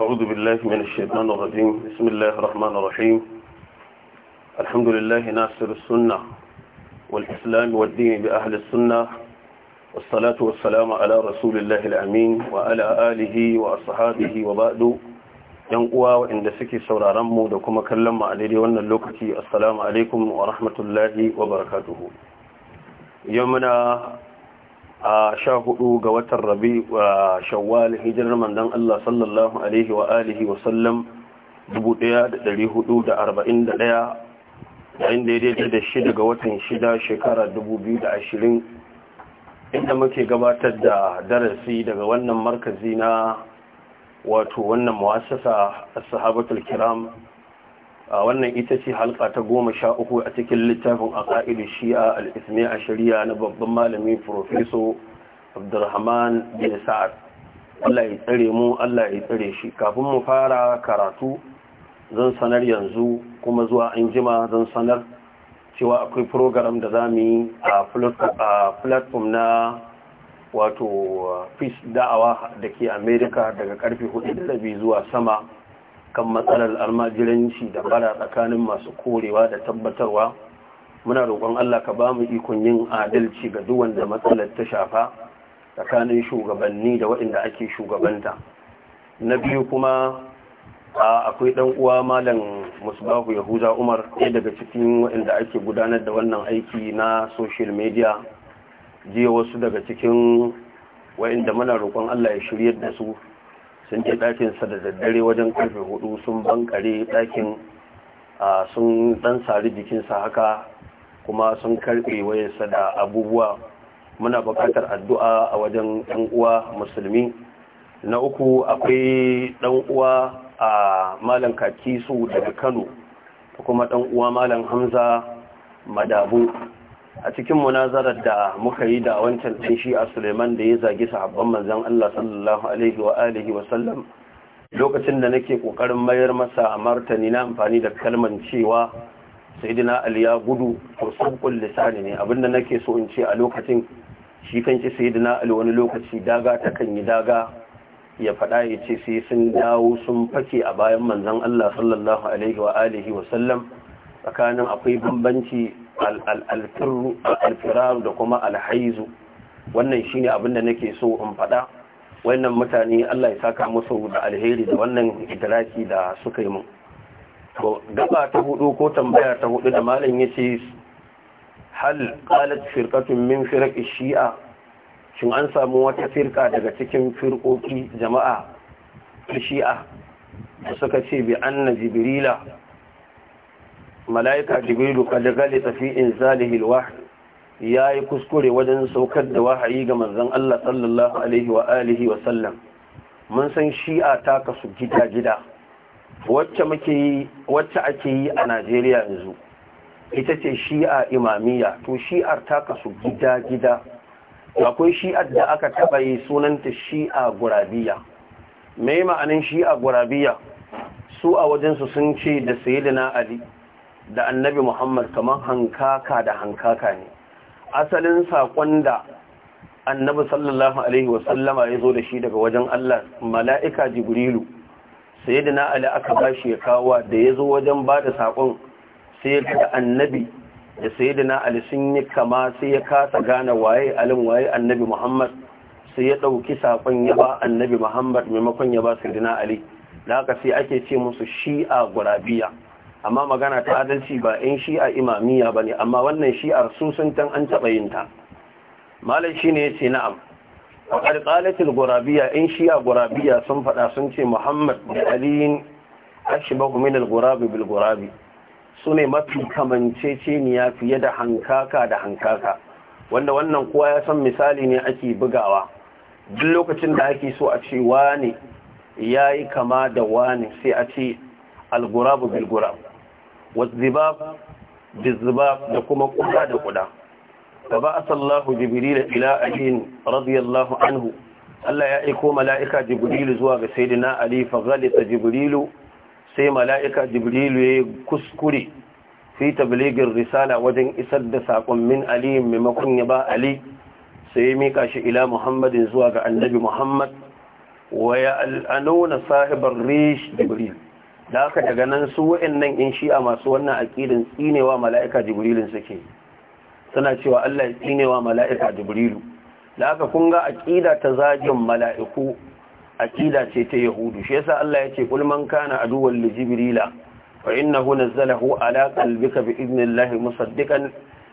أعوذ بالله من الشيطان الرجيم بسم الله الرحمن الرحيم الحمد لله ناصر السنة والإسلام والدين بأهل السنة والصلاة والسلام على رسول الله الأمين وعلى آله وأصحابه وبعد ينقوى وإن دسكي سورة رمو دكما كلم عليه وأن اللوكتي السلام عليكم ورحمة الله وبركاته يومنا a sha hudu ga watan rabi a shawwal hijirar mandan Allah sallallahu alaihi wa alihi wa sallam 1441 yayin da ya daidai da shida ga watan shida shekara 2020 inda muke gabatar da darasi daga wannan markazi na wato wannan muwassasa as-sahabatul kiram wannan ita ce halka ta goma sha uku a cikin littafin a ƙa'idu shi'a al'ismi a shari'a na babban malami profeso abdurrahman bin sa'ad allah ya tsare mu allah ya tsare shi kafin mu fara karatu zan sanar yanzu kuma zuwa an jima zan sanar cewa akwai program da za mu yi a platform na wato uh, peace da'awa da ke america daga karfe 4 zuwa sama kan matsalar almajiranci da bara tsakanin masu korewa da tabbatarwa muna roƙon Allah ka ba mu ikon yin adalci ga duk wanda matsalar ta shafa tsakanin shugabanni da waɗanda ake shugabanta na biyu kuma a akwai ɗan uwa malam musbahu yahuza umar ɗaya daga cikin waɗanda ake gudanar da wannan aiki na social media jiya wasu daga cikin waɗanda muna roƙon Allah ya shiryar da su sun je ɗakinsa da daddare wajen karfe hudu sun bankare ɗakin sun ɗan sari jikinsa haka kuma sun karfe wayarsa da abubuwa muna buƙatar addu'a a wajen ɗan uwa musulmi na uku akwai ɗan uwa a malam kakisu daga kano kuma ɗan uwa malam hamza madabu a cikin munazarar da muka yi da wancan ɗan shi a suleiman da ya zagi sahabban manzan Allah sallallahu alaihi wa alihi wa sallam lokacin da nake kokarin mayar masa martani na amfani da kalman cewa sayyidina ali ya gudu to sabqul lisani ne abinda nake so in ce a lokacin shi kanki sayyidina ali wani lokaci daga ta kan yi daga ya faɗa ya ce sai sun dawo sun fake a bayan manzan Allah sallallahu alaihi wa alihi wa sallam tsakanin akwai bambanci alfirar da kuma alhaizu wannan shine abin da nake so in faɗa wannan mutane Allah ya saka musu da alheri da wannan idraki da suka yi mun to gaba ta hudu ko tambaya ta hudu da malam yace hal qalat firqatun min firqi shia shin an samu wata firka daga cikin firqoki jama'a shi'a suka ce bi anna jibrila mala'ika jibrilu kalgali tafi in zalihil wahyi ya yi kuskure wajen saukar da wahayi ga manzon Allah sallallahu alaihi wa alihi wa sallam mun san shi'a ta kasu gida-gida wacce muke wacce ake yi a Najeriya yanzu ita ce shi'a imamiyya to shi'ar ta kasu gida-gida akwai shi'ar da aka taba yi sunanta shi'a gurabiya mai ma'anin shi'a gurabiya su a wajensu sun ce da sayyidina Ali da annabi muhammad kamar hankaka da hankaka ne asalin saƙon da annabi sallallahu alaihi wasallama ya zo da shi daga wajen allah mala'ika jibrilu sai da na'ali aka ba shi ya kawo da ya zo wajen ba da saƙon sai da annabi da sai da na'ali sun yi kama sai ya kasa gane waye alin waye annabi muhammad sai ya ɗauki saƙon ya ba annabi muhammad maimakon ya ba sai da na'ali da haka sai ake ce musu shi a gurabiya amma magana ta adalci ba in shi'a imamiya ba ne amma wannan shi'ar su sun an taɓa yin ta malam shi ne ya ce na'am a ƙarƙalatul gurabiya in shi'a gurabiya sun faɗa sun ce muhammad da aliyin ashibahu min gurabi bil gurabi su ne mafi kamance kamanceceniya fiye da hankaka da hankaka wanda wannan kowa ya san misali ne ake bugawa duk lokacin da ake so a ce wane ya yi kama da wane sai a ce algurabu bilgurab والذباب بالذباب da قدا دقدا فبعث الله جبريل إلى علي رضي الله عنه Allah ya aiko mala'ika Jibrilu zuwa ga saidina Ali faghalita Jibrilu sai mala'ika Jibrilu ya kuskure fita tabligin risala wajen isar da saƙon min Ali maimakon ya ba Ali sai ya mika shi ila Muhammadin zuwa ga annabi Muhammad wa ya al'anuna sahibar rish Jibril da aka daga nan su wa'annan in shi'a masu wannan aƙidin tsinewa mala'ika jibrilin suke suna cewa Allah ya tsinewa mala'ika jibrilu da aka kunga aƙida ta zagin mala'iku aƙida ce ta yahudu shi yasa Allah ya ce kul man kana aduwwan li jibrila fa innahu nazzalahu ala qalbika bi idnillahi musaddiqan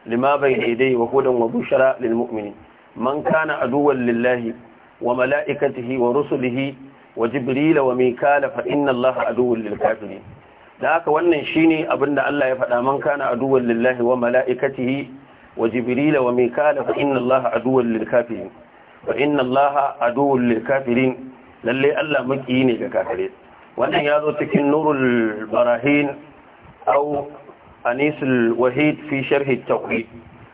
lima bayna yadayhi wa hudan wa bushra lil mu'minin man kana aduwwan lillahi wa mala'ikatihi wa rusulihi wa jibrila wa mikala fa inna allaha aduwwul lil kafirin da haka wannan shine abinda Allah ya faɗa man kana aduwwan lillahi wa mala'ikatihi wa jibrila wa mikala fa inna allaha aduwwan lil kafirin fa inna allaha aduwwul lil kafirin lalle Allah maki ne ga kafire wannan ya zo cikin nurul barahin aw anisul wahid fi sharh at-tawhid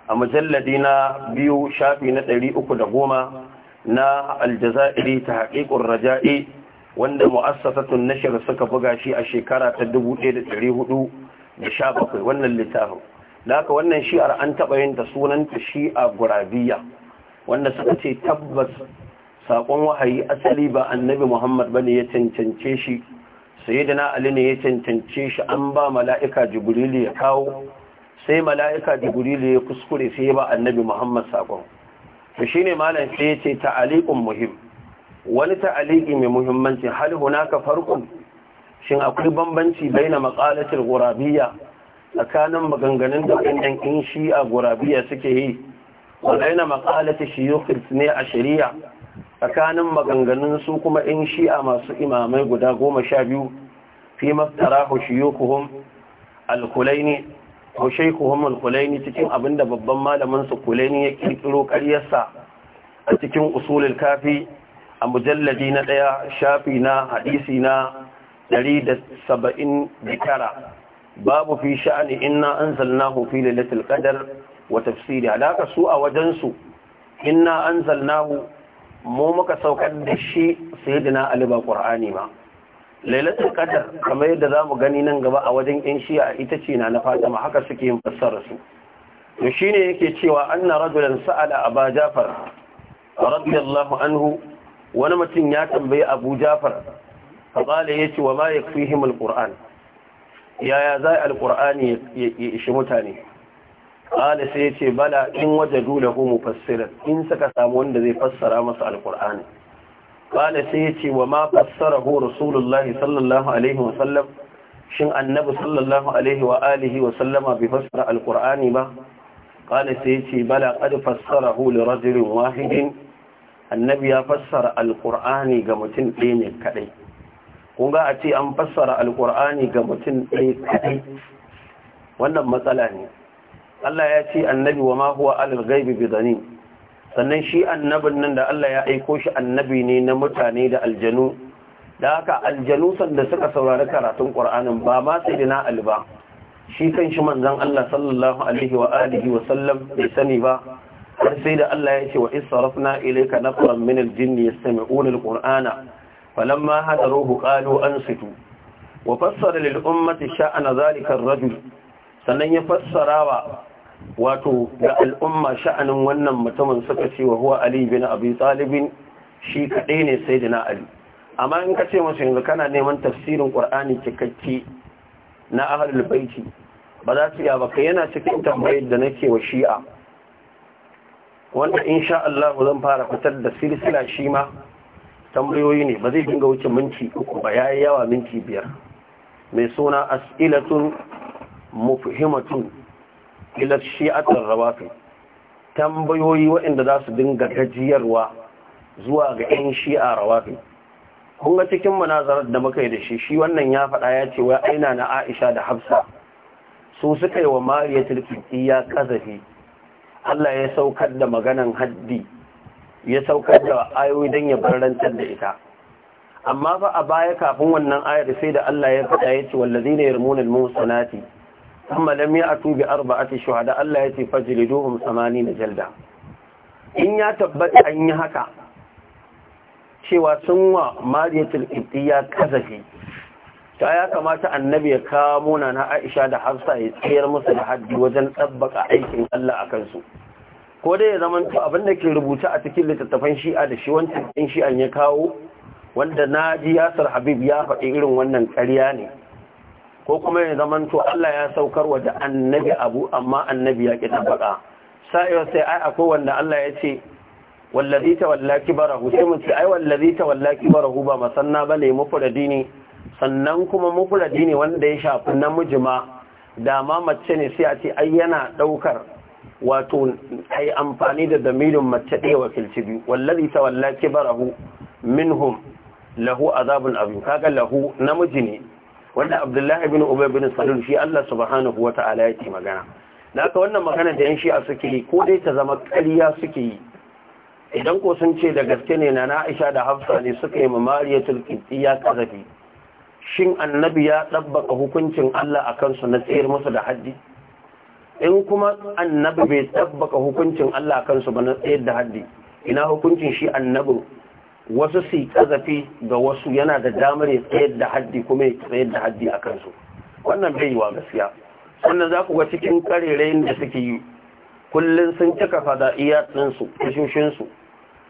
a mujalladi na biyu shafi na 310 na aljazairi ta haƙiƙun raja'i wanda mu'assasatun nashir suka buga shi a shekara ta 1417 wannan littafin da aka wannan shi'ar an taɓa yin ta sunanta shi'a gurabiya wanda suka ce tabbas saƙon wahayi asali ba annabi muhammad ba ne ya cancance shi sai na ali ne ya cancance shi an ba mala'ika jibrilu ya kawo sai mala'ika jibrilu ya kuskure sai ya ba annabi muhammad saƙon to shine malam sai yace ta'aliqun muhim wani ta'aliqi mai muhimmanci hal hunaka farqun shin akwai bambanci baina maqalatul gurabiyya tsakanin maganganun da ɗan in shi'a gurabiya suke yi wa baina maqalati shuyukh ne a shari'a tsakanin maganganun su kuma in shi'a masu imamai guda goma sha biyu fi maftarahu shuyukhum al-kulaini ko shaikhu kulaini cikin abinda babban malamin su kulaini ya kirkiro karyarsa a cikin usulul kafi a mujalladi na ɗaya shafi na hadisi na 179 babu fi sha'ani inna anzalnahu fi lailatul qadar wa tafsiri alaka su a wajen su inna anzalnahu mu muka saukar da shi sayyidina ali ba qur'ani ma lailatul qadar kamar yadda zamu gani nan gaba a wajen yan shi'a ita ce na na fatima haka suke yin fassara su to shine yake cewa anna rajulan sa'ala aba jafar radiyallahu anhu wani mutum ya tambayi abu jafar fa qala yace wa ma yakfihim alquran yaya za alqur'ani ya ishi mutane qala sai yace bala in wajadu lahu mufassiran in saka samu wanda zai fassara masa alqur'ani قال سيتي وما فسره رسول الله صلى الله عليه وسلم shin annabi sallallahu alaihi wa alihi wa sallama bai fassara alqur'ani ba qala sai ya yace bala qad fassarahu li rajulin wahidin annabi ya fassara alqur'ani ga mutum ɗaya ne kadai kun ga a ce an fassara alqur'ani ga mutum ɗaya kadai wannan matsala ne Allah ya ce annabi wa ma huwa alal ghaibi bidanin sannan shi annabin nan da Allah ya aiko shi annabi ne na mutane da aljanu da haka aljanu sanda suka saurari karatun ƙur'anin ba ma sai da na alba shi kan shi manzon Allah sallallahu alaihi wa alihi wa sallam bai sani ba har sai da Allah ya ce wa israfna ilayka nafaran min aljinni yastami'una alqur'ana falamma hadaruhu qalu ansitu wa fassara lil ummati sha'ana zalika ar-rajul sannan ya fassara wa wato ga al'umma sha'anin wannan mutumin suka ce wa huwa Ali bin Abi Talib shi kadai ne na Ali amma in ka ce musu yanzu kana neman tafsirin Qur'ani cikakke na ahlul baiti ba za su iya ba kai yana cikin tambayar da nake wa Shi'a wanda insha Allah zan fara fitar da silsila shi ma tambayoyi ne ba zai dinga wuce minti uku ba yayi yawa minti biyar mai suna as'ilatun mufhimatun ilar shi'atar rawatu tambayoyi waɗanda za su dinga gajiyarwa zuwa ga 'yan shi'a rawatu kun ga cikin manazarar da muka yi da shi shi wannan ya faɗa ya ce wa aina na aisha da hafsa su suka yi wa mariya ya kazafi allah ya saukar da maganan haddi ya saukar da ayoyi don ya barantar da ita amma ba a baya kafin wannan ayar sai da allah ya faɗa ya ce wallazi ne yarmunan musanati amma lam ya'tu bi arba'ati shuhada Allah yace fajliduhum 80 jalda in ya tabbata an yi haka cewa sun wa mariyatul ibtiya kazafi ta ya kamata annabi ya kamo na Aisha da Hafsa ya tsayar musu da haddi wajen tsabbaka aikin Allah a kansu ko dai ya zama to abin da ke rubuta a cikin littattafan Shi'a da shi wancan din Shi'an ya kawo wanda Naji Yasir Habib ya faɗi irin wannan ƙarya ne ko kuma ya zama to Allah ya saukar wa da annabi abu amma annabi ya ki tabbaka sai sai ai akwai wanda Allah ya ce wallazi tawalla barahu. sai mun ce ai wallazi tawalla barahu ba masanna bane mufradi ne sannan kuma mufradi ne wanda ya shafi namiji ma Dama mace ne sai a ce ai yana daukar wato ai amfani da damilun mace ɗaya wakilci biyu wallazi tawalla kibarahu minhum lahu azabun abin kaga lahu namiji ne wanda abdullahi ibn ubay bin salul shi Allah subhanahu wata'ala ce magana Na wannan magana da yan shi'a suke yi ko dai ta zama ƙarya suke yi idan ko sun ce da gaske ne na Aisha da Hafsa ne suka yi mamariyatul qibtiyya kazafi shin annabi ya dabbaka hukuncin Allah akan su na tsayar musu da haddi in kuma annabi bai dabbaka hukuncin Allah akan su ba na tsayar da haddi ina hukuncin shi annabi wasu su kazafi ga wasu yana da damar ya tsayar da haddi kuma ya tsayar da haddi a kansu wannan bai yi gaskiya sannan za ku ga cikin karerayin da suke yi kullum sun cika fada'iya tsinsu tashoshinsu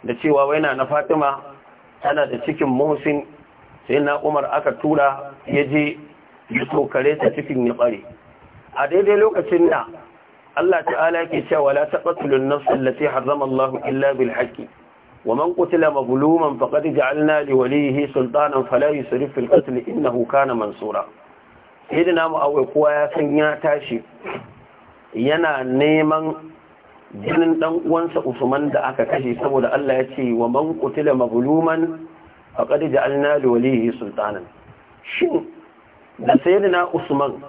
da cewa wai na na fatima tana da cikin musin. sai na umar aka tura ya je ya tokare ta cikin ya bare a daidai lokacin da Allah ta'ala ke cewa la taqtulun nafs allati harrama Allah illa bil haqqi ومن قتل مظلوما فقد جعلنا لوليه سلطانا فلا يسرف في القتل انه كان منصورا سيدنا اوي قوى يا سن يا تاشي yana نيمان جنن دان وانسا عثمان دا aka kashi saboda Allah yace wa man qutila mazluman faqad ja'alna li walihi sultanan shin da sayyidina Usman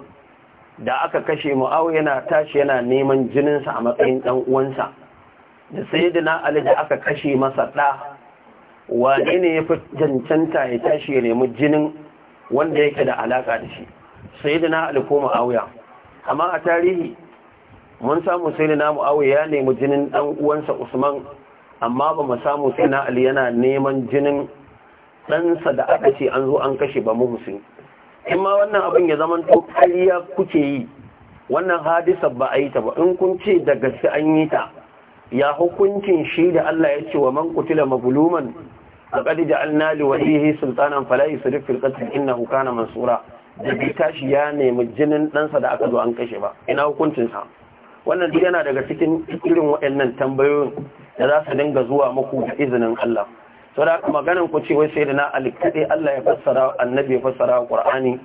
da aka kashe Muawiya yana tashi yana neman jinin sa a matsayin dan uwansa da sayidina ali da aka kashe masa ɗa wane ne ya fi cancanta ya tashi ya nemi jinin wanda yake da alaƙa da shi Sayidina ali ko muawiya amma a tarihi mun samu sayyidina muawiya ya nemi jinin ɗan uwansa usman amma ba mu samu sayyidina ali yana neman jinin ɗansa da aka ce an zo an kashe ba muhusin in ma wannan abin ya zama to kariya kuke yi wannan hadisa ba a yi ta ba in kun ce da gaske an yi ta ya hukuncin shi da Allah ya ce wa man qutila mazluman laqad ja'alna li walihi sultanan fala yusrif fil qatl innahu kana mansura da bi tashi ya nemi jinin ɗansa da aka zo an kashe ba ina hukuncin sa wannan duk yana daga cikin irin waɗannan tambayoyin da za su dinga zuwa muku da izinin Allah saboda maganan ku ce wai sai da na alikade Allah ya fassara annabi ya fassara Qur'ani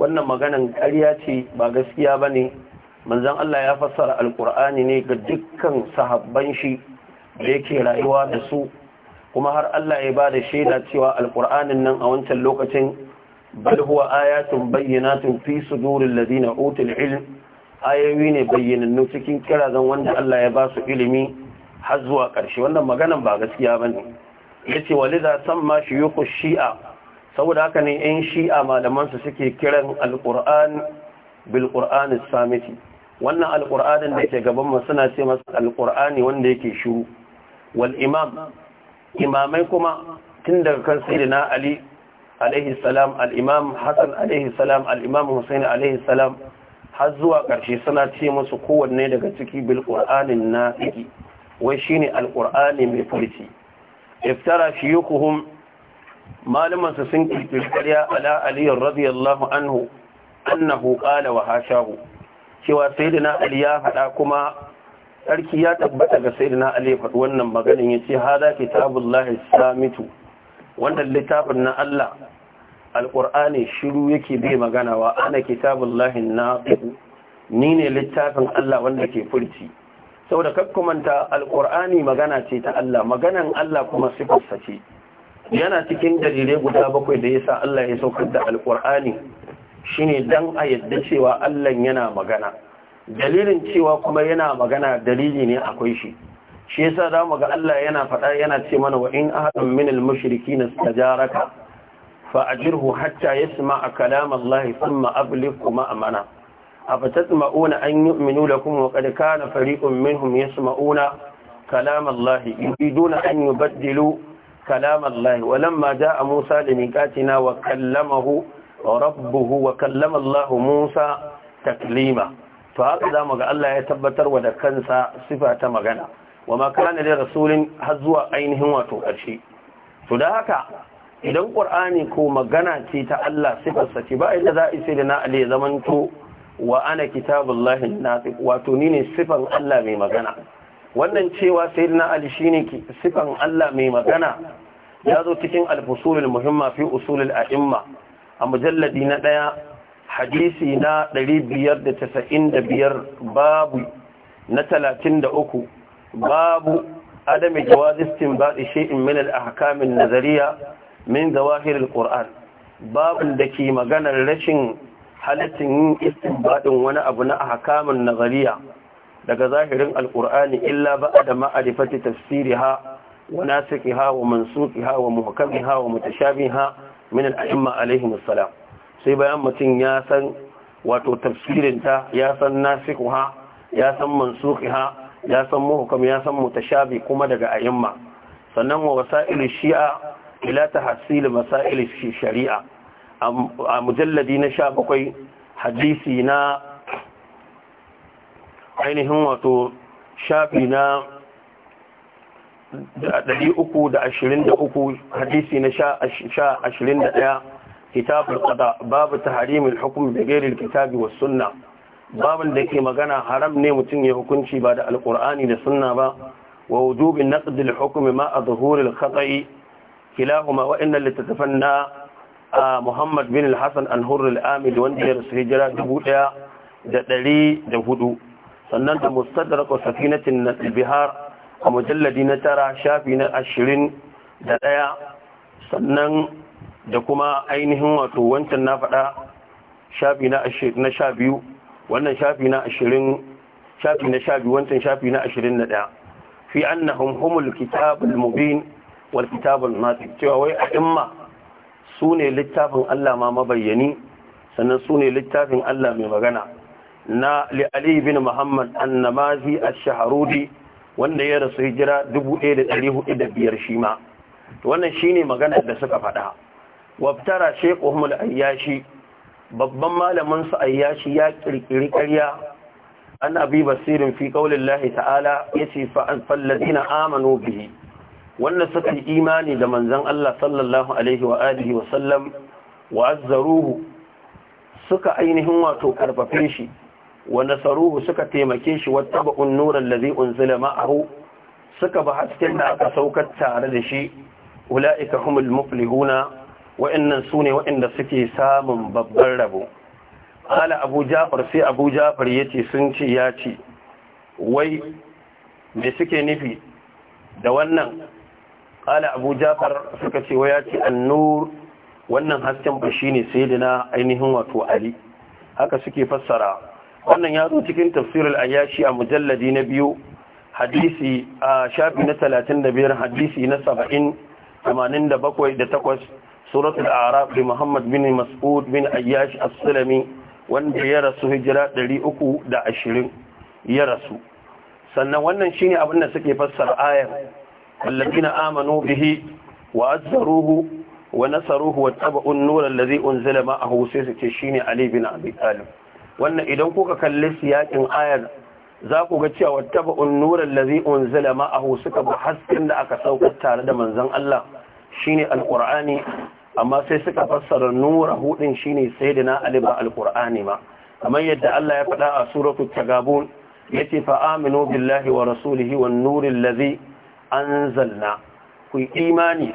wannan maganan ƙarya ce ba gaskiya bane manzan Allah ya fassara alkur'ani ne ga dukkan sahabban shi da yake rayuwa da su kuma har Allah ya ba da shaida cewa alkur'anin nan a wancan lokacin bal huwa ayatun bayyinatun fi sudurin ladina utul ilm ayoyi ne bayyanannu cikin kirazan wanda Allah ya ba su ilimi har zuwa ƙarshe wannan maganan ba gaskiya ba bane yace walida samma yuku shi'a saboda haka ne yan shi'a malaman su suke kiran alkur'an bil qur'an samiti wannan alƙur'anin da ke gaban mu suna ce masa alƙur'ani wanda yake shiru wal imam imamai kuma tun daga kan sayyidina ali alaihi salam al imam hasan alaihi salam al imam husain alaihi salam har zuwa karshe suna ce musu kowanne daga ciki bil qur'anin nafiqi wai shine Alƙur'ani mai furci iftara shiyukuhum malaman su sun kirkiri ala ali radiyallahu anhu annahu qala wa hashahu cewa sayyidina ali ya hada kuma sarki ya tabbata ga sayyidina ali ya faɗi wannan maganin yace hada kitabullahi samitu wanda littafin na Allah alqur'ani shiru yake bai magana wa ana kitabullahi naqiu ni ne littafin Allah wanda ke furci saboda kakkumanta alqur'ani magana ce ta Allah maganan Allah kuma sifarsa ce yana cikin dalilai guda bakwai da yasa Allah ya saukar da alqur'ani shine dan a yadda cewa Allah yana magana dalilin cewa kuma yana magana dalili ne akwai shi shi yasa zamu ga Allah yana faɗa yana ce mana wa in ahadun minal mushrikeen istajaraka fa ajirhu hatta yasma'a kalam Allah thumma ablighu ma'amana afatatma'una an yu'minu lakum wa qad kana fariqun minhum yasma'una كلام الله يريدون أن يبدلوا كلام الله ولما جاء موسى wa kallamahu? rabbuhu wa kallama Allah Musa taklima to haka zamu ga Allah ya tabbatar wa da kansa sifa ta magana wa ma kana li rasulin har zuwa ainihin wato ƙarshe to da haka idan ƙur'ani ko magana ce ta Allah sifarsa ce ba inda za a sai da na Ali ya zamanto wa ana kitabullahi natiq wato ni ne sifan Allah mai magana wannan cewa sayyidina Ali shine sifan Allah mai magana ya zo cikin al-fusulul muhimma fi usulul a'imma a mujalladi na ɗaya hadisi na 595 babu na 33 babu adami jawaz istinbadi shay'in min minal ahkam nazariya min zawahir al-Qur'an babun ke maganar rashin halittin yin istinbadin wani abu na hakamin nazariya daga zahirin al-Qur'ani illa ba'da tafsiri ha wa ha wa ha wa ha wa ha. min al'imma alaihim assalam sai bayan mutum ya san wato tafsirinta ya san nasikuha ya san ha ya san muhkam ya san mutashabi kuma daga a'imma sannan wa wasa'il shi'a ila tahsil masail shari'a a mujalladi na 17 hadisi na ainihin wato shafi na 323 hadisi na 21 kitab al-qada babu tahrim al-hukm bi al-kitab wa sunnah babun da ke magana haram ne mutum ya hukunci ba da alkur'ani da sunna ba wa wujubi naqd al-hukm ma adhhur al-khata'i kilahuma wa inna litatafan Muhammad bin al-Hasan an-Hurr al-Amid wanda ya rasu da sannan da mustadrak wa safinatin bihar a mujalladi na tara shafi na ashirin da ɗaya sannan da kuma ainihin wato wancan na faɗa shafi na sha biyu wannan shafi na ashirin shafi na sha biyu wancan shafi na ashirin na ɗaya fi annahum humul kitabul mubin wal kitabul nasi cewa wai a imma su ne littafin Allah ma mabayyani sannan su ne littafin Allah mai magana na li'ali bin Muhammad annamazi a shaharudi wanda ya rasu hijira 1405 shi ma wannan shi ne maganar da suka faɗa waftara sheikh Umar Ayyashi babban malamin su Ayyashi ya kirkiri ƙarya an abi basirin fi lahi ta'ala ya ce fa alladina amanu bihi wanda suka yi imani da manzan Allah sallallahu alaihi wa’adihi wa suka ainihin wato ƙarfafe shi wa nasaruhu suka taimake shi wattaba'un nuran ladhi unzila ma'ahu suka ba hasken da aka saukar tare da shi ula'ika humul muflihuna wa'annan sune inda suke samun babban rabo ala abu jafar sai abu jafar yace sun ce ya ce wai me suke nufi da wannan ala abu jafar suka ce wai ya ce annur wannan hasken ba shine sayyidina ainihin wato ali haka suke fassara wannan ya zo cikin tafsirul ayashi a mujalladi na biyu hadisi a shafi na 35 hadisi na saba'in tamanin da 8 suratul araf bi muhammad bin mas'ud bin ayashi as-sulami wanda ya rasu hijira da 320 ya rasu sannan wannan shine abin da suke fassara ayar na amanu bihi wa azzaruhu wa nasaruhu wa tabu'un nura allazi unzila ma'ahu sai su ce shine ali bin abi talib wannan idan kuka kalli siyakin ayar za ku ga cewa taba unnuran lazi unzila ma'ahu suka ba hasken da aka saukar tare da manzan Allah shine Alƙur'ani, amma sai suka fassara nura hudin shine sayyidina ali ba alqur'ani ba kamar yadda Allah ya faɗa a suratu tagabun yace fa aminu billahi wa rasulihi wan nuril anzalna ku imani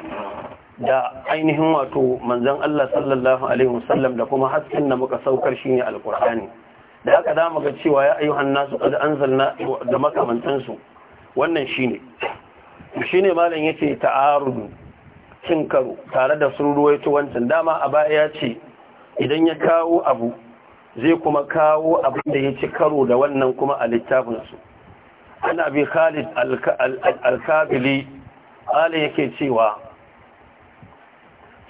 da ainihin wato manzan Allah sallallahu alaihi wasallam da kuma hasken da muka saukar shine Alkur'ani, da aka zamu ga cewa ya ayyuhan nasu qad anzalna da wannan shi wannan shine ne malam yake ta'arudu cin karo tare da sun ruwaito wancan dama a baya ya ce idan ya kawo abu zai kuma kawo abin da ya ci karo da wannan kuma a littafinsu ana bi khalid alkabili ala yake cewa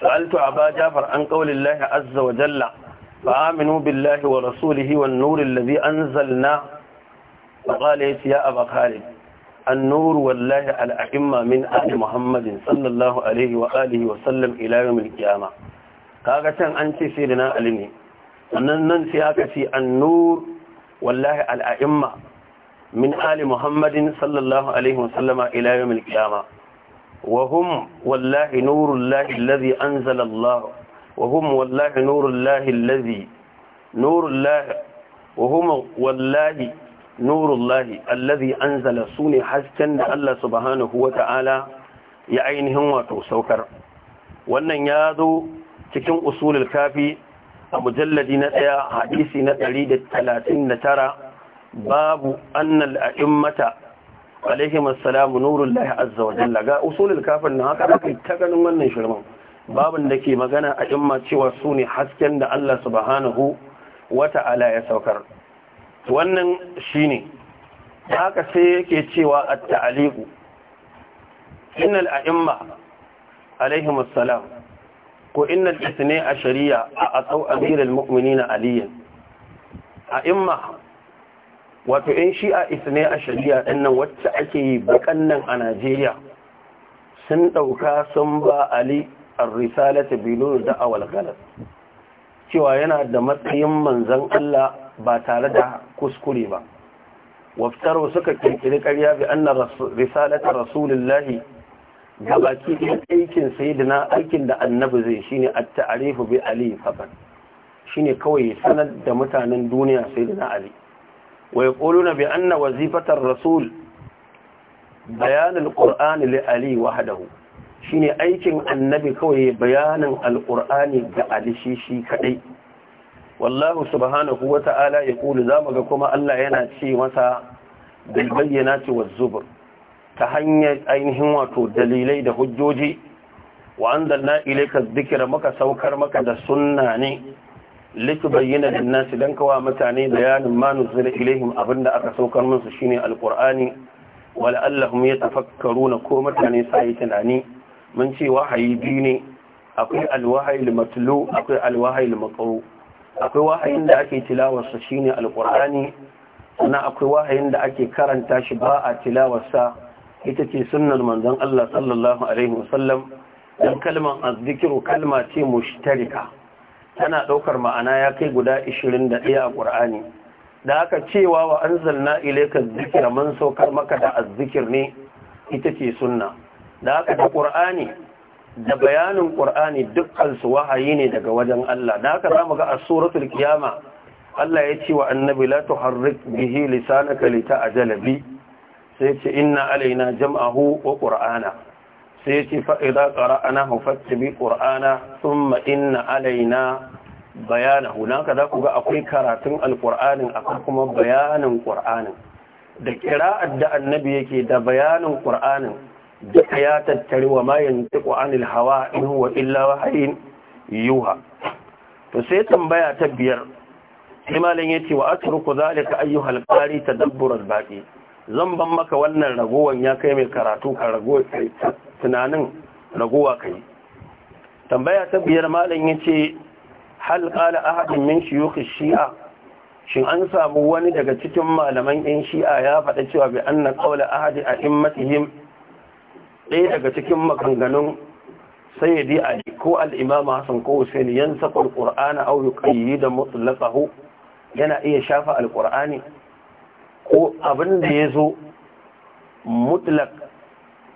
سألت أبا جعفر عن قول الله عز وجل فآمنوا بالله ورسوله والنور الذي أنزلنا فقال يا أبا خالد النور والله على أئمة من آل محمد صلى الله عليه وآله وسلم إلى يوم القيامة كاغتان أنت سيدنا ألمي أننا سياكتي النور والله على أئمة من آل محمد صلى الله عليه وسلم إلى يوم القيامة وهم والله نور الله الذي أنزل الله وهم والله نور الله الذي نور الله وهم والله نور الله الذي أنزل سوني الله سبحانه وتعالى ya ainihin wato saukar wannan ya zo cikin usulul kafi a mujalladi na ɗaya hadisi na ɗari da talatin da tara babu annal a'immata wasallam nurul nurullahi azza wa jalla ga usulul kafir na haka aka ta ganin wannan shirman babin da ke magana a imma cewa su hasken da Allah subhanahu wa ta'ala ya saukar wannan shine haka sai yake cewa at-ta'liqu innal a'imma alaihi wasallam ko innal ithnay ashariya a asau amirul mu'minina aliyan a'imma wato yan shi'a isne a shari'a ɗin nan wacce ake yi bakan nan a najeriya sun ɗauka sun ba ali ta risalata da awal galas cewa yana da matsayin manzan Allah ba tare da kuskure ba waftaro suka kirkiri karya bi anna risalata rasulullahi ga baki aikin sayidina aikin da annabi zai shine a ta'arifu bi ali fakat shine kawai sanar da mutanen duniya sayyidina ali wa yaquluna bi anna wazifatar rasul bayan alqur'ani li ali wahdahu shine aikin annabi kawai bayanin alqur'ani ga ali shi shi kadai wallahu subhanahu wata'ala ya yaqulu zamu ga kuma Allah yana ce masa bil bayyinati waz zubur ta hanyar ainihin wato dalilai da hujjoji wa anzalna ilayka dhikra maka saukar maka da sunna ne liki bayyana da nasi don kawa mutane bayanin ma nuzula ilaihim abinda aka saukar musu shine alqur'ani wal allahum yatafakkaruna ko mutane su yi tunani mun ce wahayi biyu ne akwai alwahayi matlu akwai alwahayi maqru akwai wahayin da ake tilawarsa shine alqur'ani sannan akwai wahayin da ake karanta shi ba a tilawarsa ita ce sunnar manzon Allah sallallahu alaihi wasallam dan kalmar azzikiru kalma ce mushtarika tana ɗaukar ma'ana ya kai guda 21 a ƙur'ani da aka cewa wa an zalna ilaika zikira mun saukar maka da azzikir ne ita ce sunna da aka da ƙur'ani da bayanin ƙur'ani dukkansu wahayi ne daga wajen Allah da aka zamu ga a suratul kiyama Allah ya ce wa annabi la tuharrik bihi lisanaka a bi sai ce inna alaina jam'ahu wa qur'ana sai ce fa'ida ƙara'ana haifatta bi ƙura'ana sun ma'ina alaina Bayana, na za ku ga akwai karatun alƙur'anin akwai kuma bayanin ƙur'anin da kira'ar da annabi yake da bayanin ƙur'anin duka ya tattari wa ma yantiqu anil hawa in wa illa wahayin yuha to sai tambaya ta biyar sai malam ce wa atruku zalika ayyuhal qari ta al baqi zan ban maka wannan ragowar ya kai mai karatu ka rago tunanin ragowa kai tambaya ta biyar malam ce. hal qala ahadun min shuyukh shia shin an samu wani daga cikin malaman yan shi'a ya faɗa cewa bi anna qawla ahadi a immatihim ɗaya daga cikin maganganun sayyidi ali ko al-imam hasan ko husain yansaku al-qur'ana aw yuqayyidu mutlaqahu yana iya shafa al-qur'ani ko abin da yazo mutlaq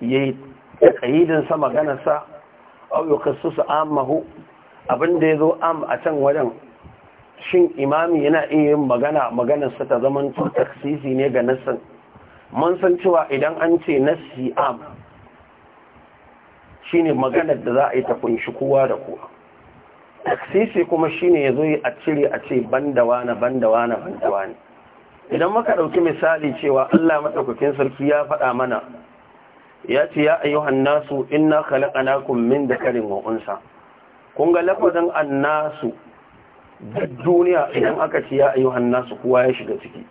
yayi kaidin sa maganarsa aw yukhassasu amahu abin da ya zo am a can wajen shin imami yana iya yin magana maganarsa ta zaman taksisi ne ga nassan mun san cewa idan an ce nassi am shine maganar da za a yi ta kunshi kowa da kowa taksisi kuma shine ya zo yi a cire a ce bandawa na bandawa na bandawa ne idan muka ɗauki misali cewa Allah matsaukakin sarki ya faɗa mana ya ce ya ayyuhan nasu inna khalaqnakum min dhakarin wa unsa kun ga lafazin annasu duk duniya idan aka ce ya ayyuhan nasu kowa ya shiga ciki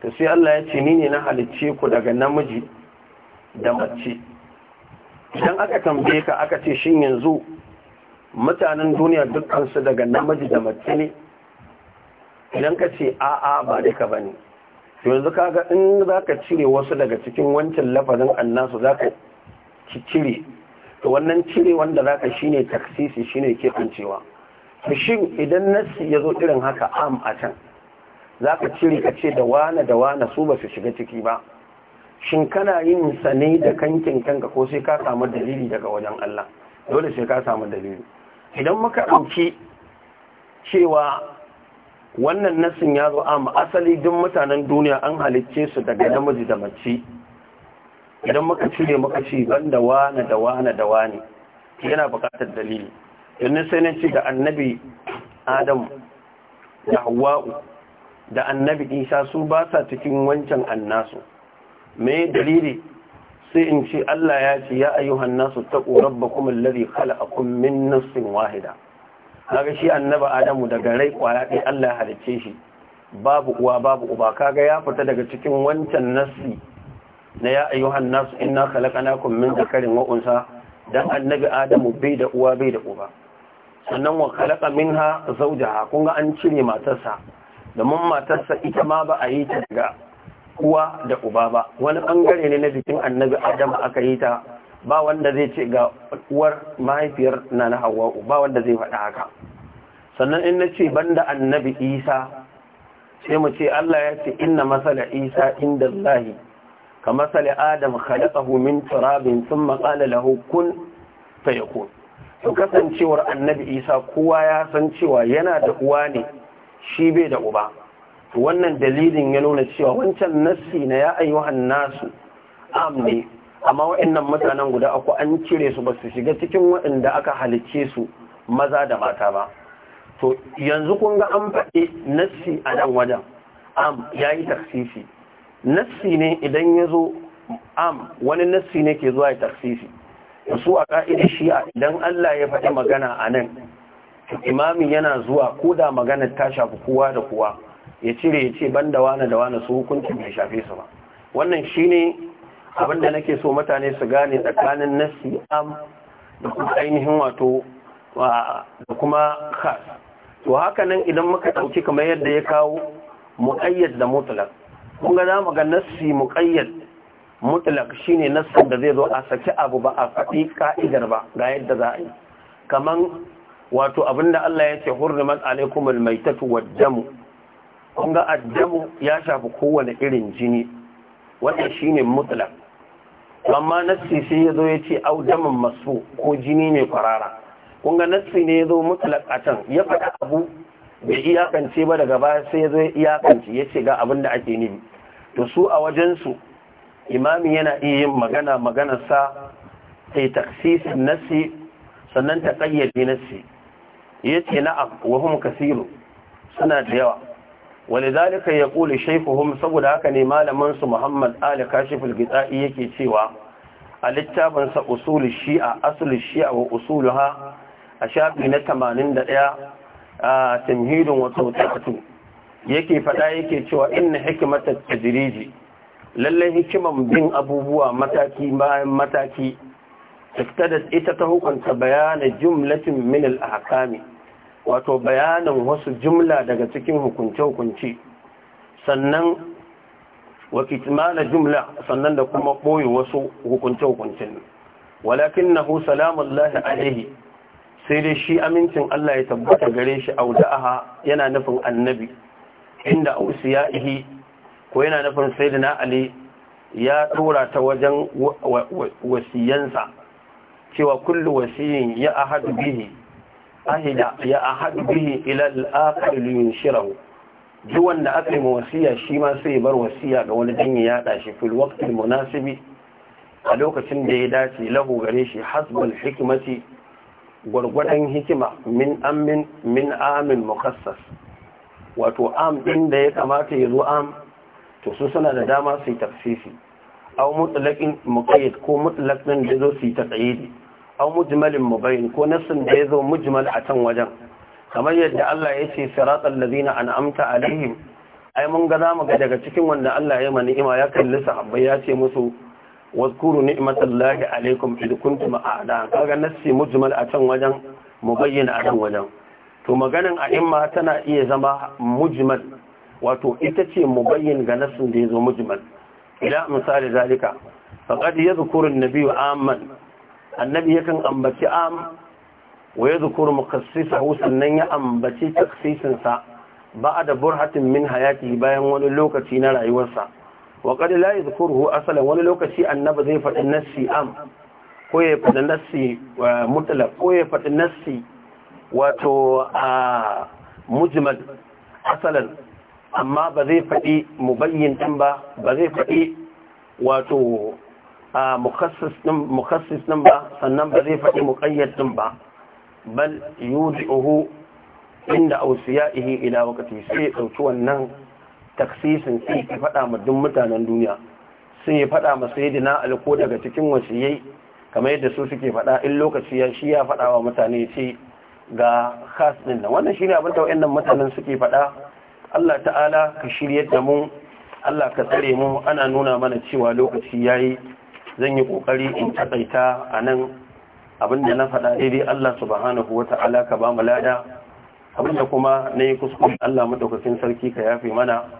ta sai Allah ya ce ni ne na halicce ku daga namiji da mace idan aka tambaye ka aka ce shin yanzu mutanen duniya dukansu daga namiji da mace ne idan ka ce a'a ba duka bane yanzu kaga in za ka cire wasu daga cikin wancan lafazin annasu zaka cire to wannan cire wanda zaka shine taksisi shine kefancewa to shin idan nasi ya zo irin haka am a can Za ka cire ka ce da wane da wane su ba su shiga ciki ba shin kana yin sane da kankin kanka ko sai ka samu dalili daga wajen Allah dole sai ka samu dalili idan muka ɗauki cewa wannan nasin ya zo am asali duk mutanen duniya an halicce su daga namiji da mace idan muka cire muka ci ban da wane da wane da wane yana bukatar dalili yanzu sai na ci da annabi adam da hawa'u da annabi isa su ba sa cikin wancan annasu me dalili sai in ce Allah ya ce ya ayyuhan nasu taqu lari kala a min nassin wahida haka shi annabi adamu daga rai kwaya ɗaya Allah ya halicce shi babu uwa babu uba kaga ya fita daga cikin wancan nassi na ya ayyuhan nasu inna khalaqnakum min dhakarin wa unsa dan annabi adamu bai da uwa bai da uba sannan wa khalaqa minha zawjaha kun ga an cire matarsa domin matarsa ita ma ba a yi ta daga uwa da uba ba wani bangare ne na jikin annabi adamu aka yi ta ba wanda zai ce ga uwar mahaifiyar na na hawa ba wanda zai faɗa haka sannan in na ce banda annabi isa sai mu ce Allah ya ce inna masala isa inda zahi. كمثل آدم خلقه من تراب ثم قال له كن فيكون to kasancewar annabi isa kowa ya san cewa yana da uwa ne shi bai da uba wannan dalilin ya nuna cewa wancan nassi na ya ayyuhan nasu am ne amma waɗannan mutanen guda aku an cire su ba su shiga cikin waɗanda aka halicce su maza da mata ba to yanzu kun ga an faɗi nassi a nan wajen am ya yi taksisi nassi ne idan ya zo am wani nassi ne ke zuwa ya taksisi su a ka'idar shi'a idan Allah ya faɗi magana a nan imami yana zuwa ko da maganar ta shafi kowa da kowa ya cire ya ce ban da wane da wane su hukuncin bai shafe su ba wannan shine abin da nake so mutane su gane tsakanin nassi am da kuma ainihin wato da kuma khas to haka nan idan muka ɗauki kamar yadda ya kawo muƙayyad da mutlaq kun ga zamu ga nassi muqayyad mutlaq shine nassin da zai zo a saki abu ba a faɗi ka'idar ba ga yadda za a yi kaman wato abinda Allah ya ce hurrimat alaikumul maitatu wad kun ga addamu ya shafi kowane irin jini wannan shine mutlaq amma nassi sai ya zo ya ce au damin masu ko jini ne kwarara kun ga nassi ne ya zo mutlaq a can ya faɗa abu bai iyakance ba daga baya sai zai iyakance ya ce ga abin da ake nufi to su a wajen su, imami yana iya yin magana maganarsa ta taksisi nasi sannan ta kayyade nasi ya ce na'am wahum kasiru suna da yawa wani zalika ya ƙuli shaikuhum saboda haka ne su muhammad ali kashi gitsa'i yake cewa a littafinsa usul shi'a asul shi'a wa usulha a shafi na ɗaya. tamhidun wa tawtatu yake fada yake cewa inna hikmata tajriji lalle hikiman bin abubuwa mataki bayan mataki da ita ta hukunta bayana jumlatin min al-ahkami wato bayanan wasu jumla daga cikin hukunce-hukunce sannan wakitmana jumla sannan da kuma ɓoye wasu hukunce hukuncin walakin na hu alaihi sai dai shi amincin Allah ya tabbata gare shi aha yana nufin annabi inda ya ihi ko yana nufin da ali ya tura ta wajen wasiyansa cewa kullu wasiyin ya ahadu bihi ahida ya ahadu bihi ila al shirahu ji wanda aka yi wasiya shi ma sai bar wasiya ga wani dan ya yada shi fil waqtil munasibi a lokacin da ya dace lahu gare shi hasbul hikmati gwargwadon hikima min amin min amin mukassas wato am din da ya kamata ya zo am to su suna da dama su yi tafsisi aw mutlaqin muqayyad ko mutlaqin da zo su yi taqayidi aw mujmalin mubayyin ko nassin da ya zo mujmal a can wajen kamar yadda Allah ya ce siratal ladina an'amta alaihim ai mun ga zamu ga daga cikin wanda Allah ya yi ni'ima ya kalli Abba ya ce musu واذكروا نعمة lahi alaikum إذ kuntu ma'ada kaga nassi mujmal a can wajen mu bayyana a can wajen to maganin a imma tana iya zama mujmal wato ita ce bayyana ga nassin da ya zo mujmal ila misali zalika faqad yadhkuru an-nabiyyu amman annabi yakan ambaci am wa yadhkuru mukhassisahu sannan ya ambaci takhsisin sa da burhatin min hayati bayan wani lokaci na rayuwarsa wa qad la yadhkuruhu asalan wani lokaci annabi zai faɗi nassi am ko ya faɗi nassi mutala ko ya faɗi nassi wato a mujmal asalin amma ba zai faɗi mubayyin ɗin ba ba zai faɗi wato a mukassis ɗin ba sannan ba zai faɗi muƙayyar ɗin ba bal yuzi'uhu inda ihi ila wakati sai ɗauki wannan taksisin sai ya faɗa ma duk mutanen duniya sun yi faɗa ma sai dina alko daga cikin wasiyai kamar yadda su suke faɗa in lokaci ya shi ya faɗa wa mutane ce ga khas din nan wannan shi ne abin da wayannan mutanen suke faɗa Allah ta'ala ka shiryar da mu Allah ka tsare mu ana nuna mana cewa lokaci ya yi zan yi kokari in a nan abin da na faɗa daidai Allah subhanahu ta'ala ka ba mu lada da kuma na yi kuskure Allah madaukakin sarki ka yafe mana